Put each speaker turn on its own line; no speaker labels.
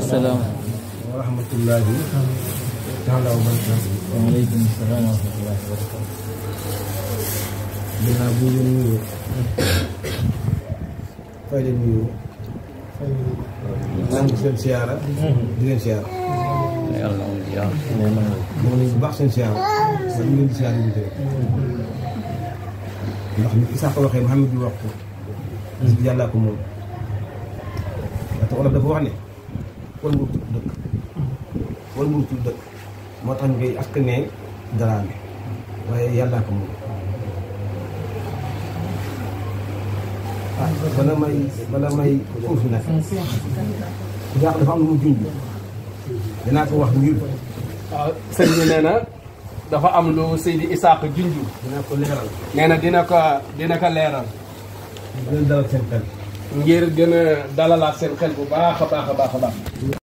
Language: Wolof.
salaam wa rahmatullaahi
taala wa barakaatu waaleykum salaam wa
rahmatullaahi wa barakaatu
ginnaaw bu ñu nuyoo
fay leen nuyoo nangu seen siyaara di leen siyaara yàlla moom di yàlla moom lañ bu baax seen siyaara man ñu leen di siyaara ñu tey
ndax ni Isaaka waxee Muhammad bi wax ko yàllaa ko moom ndaxte olof dafa wax ne war nga tudd dëkk war nga tudd dëkk moo tax ñu koy askanee Daraame waaye yàllaa ko moom ah bala may bala may foofu nag ndax dafa am lu mu junj dinaa ko wax ngir waaw
sëñ bi nee dafa am lu Seydi Isaaq junj dina ko leeral nee na dina ko dina ko leeral
dina dalal seen xel ngir gën a dalalaat seen xel bu baax a baax a baax a baax.